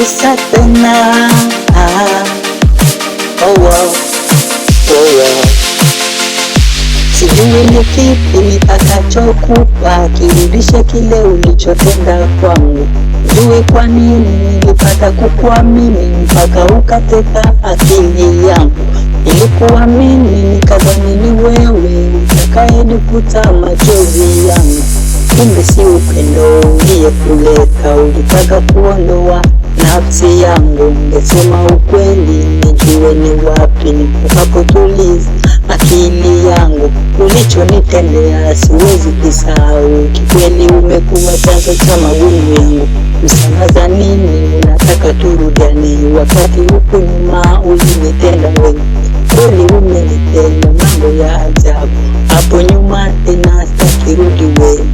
있었구나 아, 오워 sijui ni kipi nitakachokupa kirudishe kile ulichotenda kwangu jui kwa nini nilipata kukuamini mpaka ukateka akili yangu nilikuamini nikadhamini wewe utakayenikuta machozi yangu kumbe si upendo uliyepuleka. Ulitaka kuondoa nafsi yangu, ungesema ukweli nijue ni wapi nitakapotuliza akili yangu. Ulichonitendea siwezi kisahau, kikweli umekuwa chanzo cha magumu yangu. Msamaza nini? Unataka turudiane? Wakati huku nyuma ulinitenda wengi, kweli umenitenda mambo ya ajabu. Hapo nyuma tena stakirudi wengi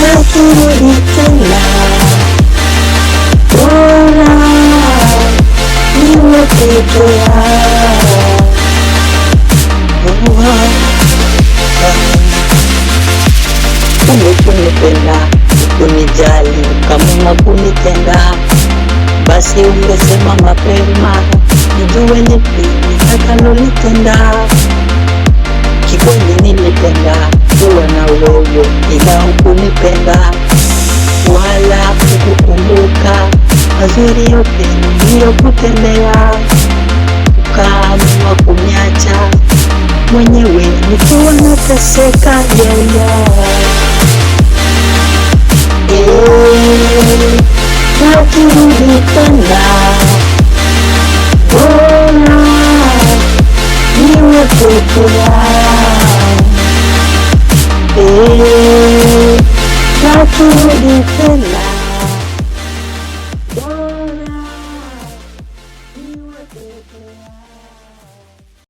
Maturudikala Bora Niwe peke yao Kunijali Kama kunitenda Basi ungesema mapema Nijue nipi Nitakalolitenda Kikweli nilitenda mazuri yote niliyokutendea, ukaamua kuniacha mwenyewe nikiwa nateseka jela. Ukirudi tena bora niwe peke yangu, ukirudi eh,